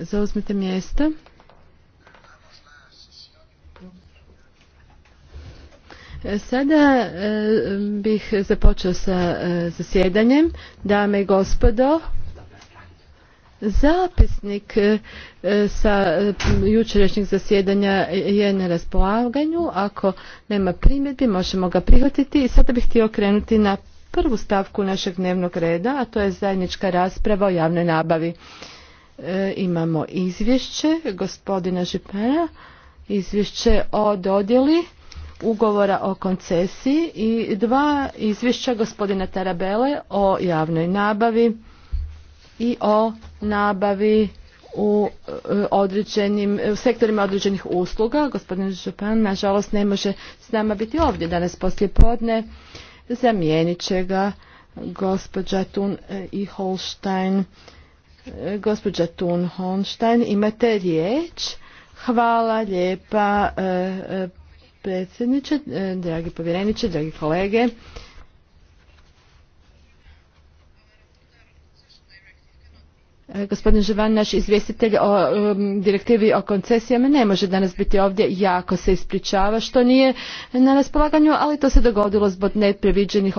Zauzmite mjesta. E, sada e, bih započeo sa e, zasjedanjem. Dame i gospodo, zapisnik sa jučerašnjeg zasjedanja je na raspolaganju. Ako nema primjedbi, možemo ga prihvatiti. I sada bih htio krenuti na prvu stavku našeg dnevnog reda, a to je zajednička rasprava o javnoj nabavi. E, imamo izvješće gospodina Žipera, izvješće o dodjeli ugovora o koncesiji i dva izvješća gospodina Tarabele o javnoj nabavi i o nabavi u e, određenim u sektorima određenih usluga. Gospodin Župan nažalost ne može s nama biti ovdje danas poslije podne. Zamijenit će ga gospođa Tun e, i Holstein Gospođa Thun Honstein, imate riječ. Hvala lijepa e, e, predsjedniče, e, dragi povjereniče, dragi kolege. Gospodin Živan, naš izvjestitelj o um, direktivi o koncesijama ne može danas biti ovdje, jako se ispričava što nije na raspolaganju, ali to se dogodilo zbog nepreviđenih